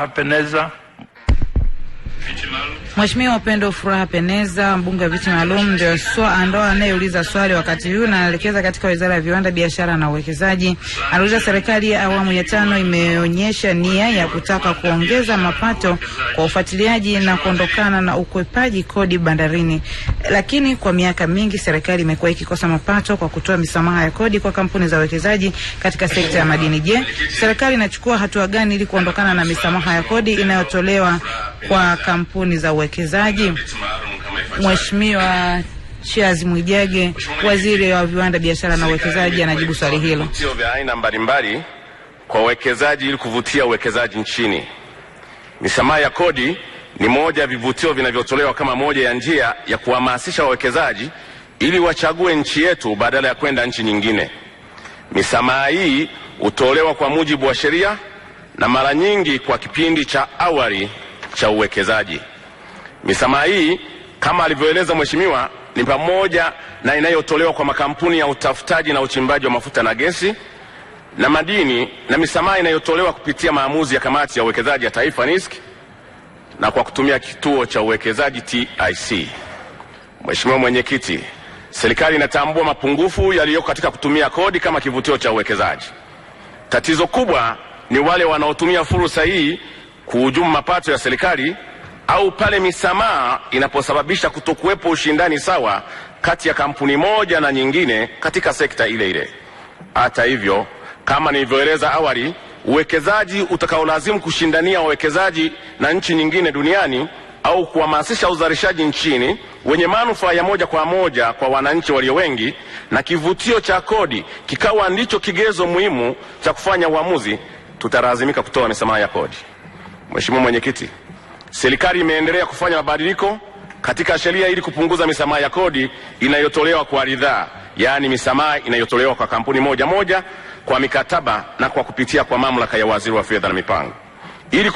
Rapeneza. Vitimalo. Mheshimiwa Upendo Furaha Peneza, mbunge wa viti maalum, ndio swa ndo anayeuliza swali wakati huu na anaelekeza katika Wizara ya Viwanda, Biashara na Uwekezaji. Anauliza, serikali ya awamu ya tano imeonyesha nia ya kutaka kuongeza mapato kwa ufuatiliaji na kuondokana na ukwepaji kodi bandarini, lakini kwa miaka mingi serikali imekuwa ikikosa mapato kwa kutoa misamaha ya kodi kwa kampuni za uwekezaji katika sekta ya madini. Je, serikali inachukua hatua gani ili kuondokana na misamaha ya kodi inayotolewa kwa kampuni za uwekezaji, Mheshimiwa Charles Mwijage, waziri wa viwanda, biashara na uwekezaji, anajibu swali hilo. Vivutio vya aina mbalimbali kwa uwekezaji ili kuvutia uwekezaji nchini. Misamaha ya kodi ni moja ya vivutio vinavyotolewa kama moja ya njia ya kuhamasisha wawekezaji ili wachague nchi yetu badala ya kwenda nchi nyingine. Misamaha hii hutolewa kwa mujibu wa sheria na mara nyingi kwa kipindi cha awali cha uwekezaji. Misamaha hii kama alivyoeleza mheshimiwa ni pamoja na inayotolewa kwa makampuni ya utafutaji na uchimbaji wa mafuta na gesi na madini na misamaha inayotolewa kupitia maamuzi ya kamati ya uwekezaji ya taifa NISC na kwa kutumia kituo cha uwekezaji TIC. Mheshimiwa Mwenyekiti, serikali inatambua mapungufu yaliyoko katika kutumia kodi kama kivutio cha uwekezaji. Tatizo kubwa ni wale wanaotumia fursa hii kuhujumu mapato ya serikali au pale misamaha inaposababisha kutokuwepo ushindani sawa kati ya kampuni moja na nyingine katika sekta ile ile. Hata hivyo, kama nilivyoeleza awali, uwekezaji utakaolazimu kushindania wawekezaji na nchi nyingine duniani au kuhamasisha uzalishaji nchini wenye manufaa ya moja kwa moja kwa wananchi walio wengi na kivutio cha kodi kikawa ndicho kigezo muhimu cha kufanya uamuzi, tutalazimika kutoa misamaha ya kodi. Mheshimiwa Mwenyekiti, Serikali imeendelea kufanya mabadiliko katika sheria ili kupunguza misamaha ya kodi inayotolewa kwa ridhaa, yaani misamaha inayotolewa kwa kampuni moja moja kwa mikataba na kwa kupitia kwa mamlaka ya waziri wa fedha na mipango. Ili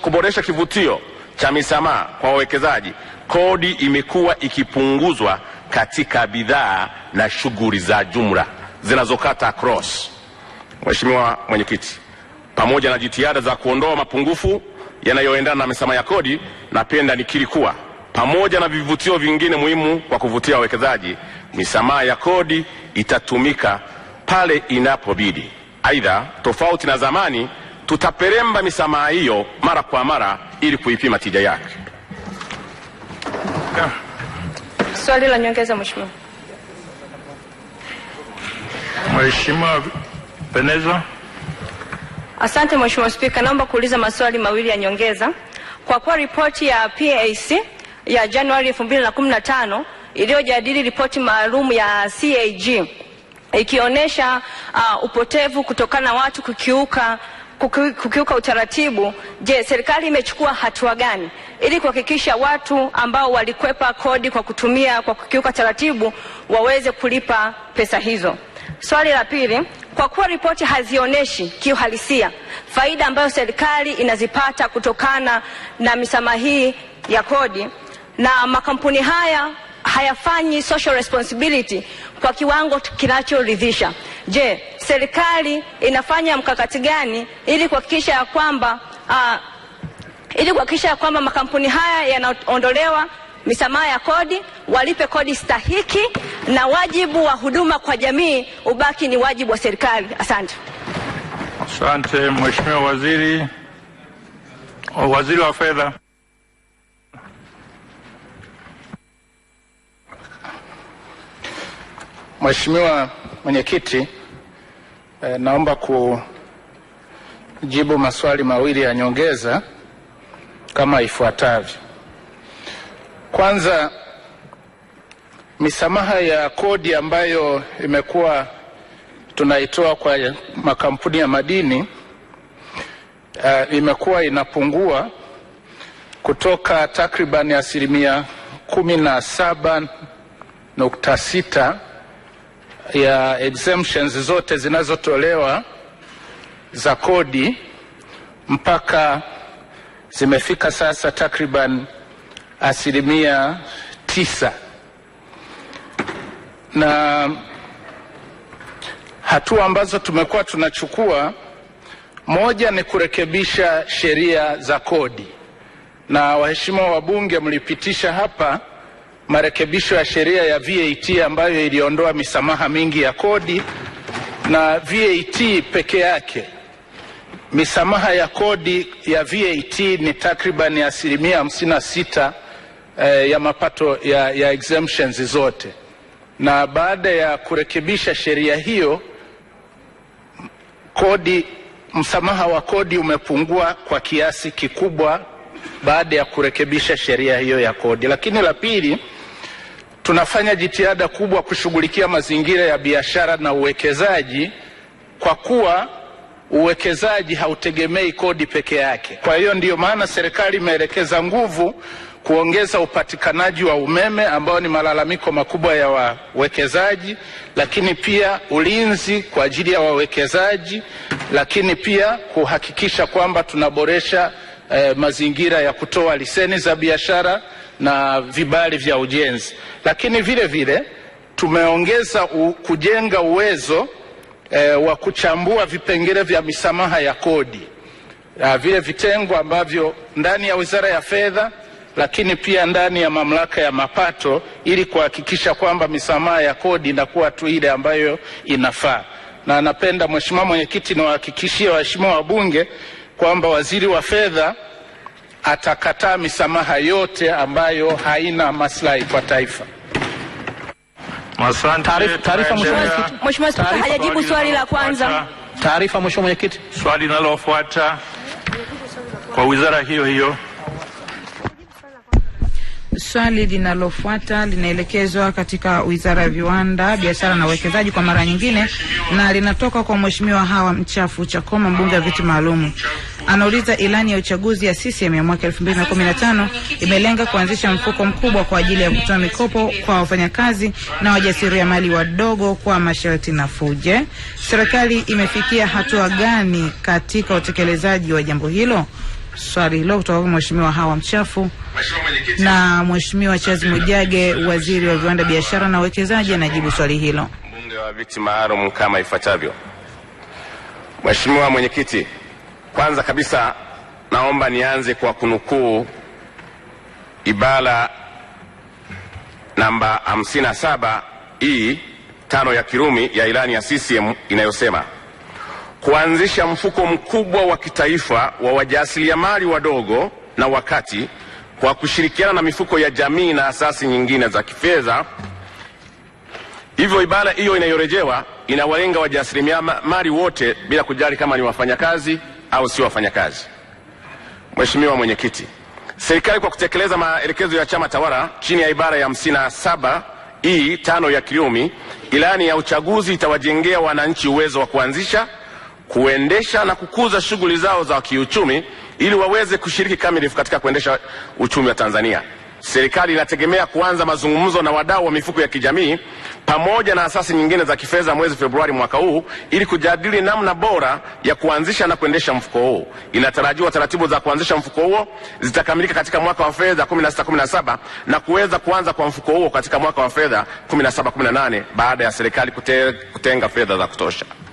kuboresha kivutio cha misamaha kwa wawekezaji, kodi imekuwa ikipunguzwa katika bidhaa na shughuli za jumla zinazokata cross. Mheshimiwa Mwenyekiti, pamoja na jitihada za kuondoa mapungufu yanayoendana na misamaha ya kodi, napenda nikiri kuwa pamoja na vivutio vingine muhimu kwa kuvutia wawekezaji, misamaha ya kodi itatumika pale inapobidi. Aidha, tofauti na zamani, tutaperemba misamaha hiyo mara kwa mara ili kuipima tija yake. Swali la nyongeza, Mheshimiwa. Mheshimiwa Peneza. Asante Mheshimiwa Spika, naomba kuuliza maswali mawili ya nyongeza. Kwa kuwa ripoti ya PAC ya Januari 2015 iliyojadili ripoti maalum ya CAG ikionyesha uh, upotevu kutokana na watu kukiuka kuki, kukiuka utaratibu, je, serikali imechukua hatua gani ili kuhakikisha watu ambao walikwepa kodi kwa kutumia kwa kukiuka taratibu waweze kulipa pesa hizo? Swali la pili, kwa kuwa ripoti hazionyeshi kiuhalisia faida ambayo serikali inazipata kutokana na misamaha hii ya kodi na makampuni haya hayafanyi social responsibility kwa kiwango kinachoridhisha, je, serikali inafanya mkakati gani ili kuhakikisha ya kwamba uh, ili kuhakikisha ya kwamba makampuni haya yanaondolewa misamaha ya kodi, walipe kodi stahiki, na wajibu wa huduma kwa jamii ubaki ni wajibu wa serikali. Asante. Asante Mheshimiwa Waziri. Waziri wa Fedha. Mheshimiwa Mwenyekiti, eh, naomba kujibu maswali mawili ya nyongeza kama ifuatavyo. Kwanza, misamaha ya kodi ambayo imekuwa tunaitoa kwa makampuni ya madini uh, imekuwa inapungua kutoka takriban asilimia kumi na saba nukta sita ya exemptions zote zinazotolewa za kodi mpaka zimefika sasa takriban asilimia tisa na hatua ambazo tumekuwa tunachukua, moja ni kurekebisha sheria za kodi, na waheshimiwa wabunge mlipitisha hapa marekebisho ya sheria ya VAT ambayo iliondoa misamaha mingi ya kodi, na VAT peke yake misamaha ya kodi ya VAT ni takriban asilimia 56 eh, ya mapato ya, ya exemptions zote, na baada ya kurekebisha sheria hiyo kodi, msamaha wa kodi umepungua kwa kiasi kikubwa baada ya kurekebisha sheria hiyo ya kodi. Lakini la pili, tunafanya jitihada kubwa kushughulikia mazingira ya biashara na uwekezaji kwa kuwa uwekezaji hautegemei kodi peke yake. Kwa hiyo ndiyo maana serikali imeelekeza nguvu kuongeza upatikanaji wa umeme ambao ni malalamiko makubwa ya wawekezaji, lakini pia ulinzi kwa ajili ya wawekezaji, lakini pia kuhakikisha kwamba tunaboresha eh, mazingira ya kutoa leseni za biashara na vibali vya ujenzi, lakini vile vile tumeongeza u, kujenga uwezo e, wa kuchambua vipengele vya misamaha ya kodi na ah, vile vitengo ambavyo ndani ya Wizara ya Fedha lakini pia ndani ya Mamlaka ya Mapato ili kuhakikisha kwamba misamaha ya kodi inakuwa tu ile ambayo inafaa. Na napenda Mheshimiwa Mwenyekiti, niwahakikishie waheshimiwa wabunge kwamba Waziri wa Fedha atakataa misamaha yote ambayo haina maslahi kwa taifa. Taarifa Mheshimiwa Spika, hajajibu swali la kwanza. Taarifa Mheshimiwa Mwenyekiti. Swali linalofuata kwa wizara hiyo hiyo. Swali linalofuata linaelekezwa katika Wizara ya Viwanda, Biashara na Uwekezaji kwa mara nyingine, na linatoka kwa Mheshimiwa Hawa Mchafu Chakoma, mbunge wa viti maalum. Anauliza ilani ya uchaguzi ya CCM ya mwaka 2015 imelenga kuanzisha mfuko mkubwa kwa ajili ya kutoa mikopo kwa wafanyakazi na wajasiriamali wadogo kwa masharti nafuu. Je, serikali imefikia hatua gani katika utekelezaji wa jambo hilo? Swali hilo kutoka kwa Mheshimiwa Hawa Mchafu. Na Mheshimiwa Chazi Mujage, waziri wa viwanda, biashara na uwekezaji, anajibu swali hilo. Mbunge wa viti maalum kama ifuatavyo. Mheshimiwa mwenyekiti kwanza kabisa naomba nianze kwa kunukuu ibara namba 57 hii e, tano ya Kirumi ya ilani ya CCM inayosema kuanzisha mfuko mkubwa wa kitaifa wa wajasiriamali wadogo na wakati kwa kushirikiana na mifuko ya jamii na asasi nyingine za kifedha. Hivyo ibara hiyo inayorejewa inawalenga wajasiriamali wote bila kujali kama ni wafanyakazi au sio wafanyakazi. Mheshimiwa Mwenyekiti, serikali kwa kutekeleza maelekezo ya chama tawala chini ya ibara ya saba i e tano ya Kirumi ilani ya uchaguzi itawajengea wananchi uwezo wa kuanzisha, kuendesha na kukuza shughuli zao za kiuchumi ili waweze kushiriki kamilifu katika kuendesha uchumi wa Tanzania serikali inategemea kuanza mazungumzo na wadau wa mifuko ya kijamii pamoja na asasi nyingine za kifedha mwezi Februari mwaka huu ili kujadili namna bora ya kuanzisha na kuendesha mfuko huo. Inatarajiwa taratibu za kuanzisha mfuko huo zitakamilika katika mwaka wa fedha 16/17 na kuweza kuanza kwa mfuko huo katika mwaka wa fedha 17/18 baada ya serikali kutenga fedha za kutosha.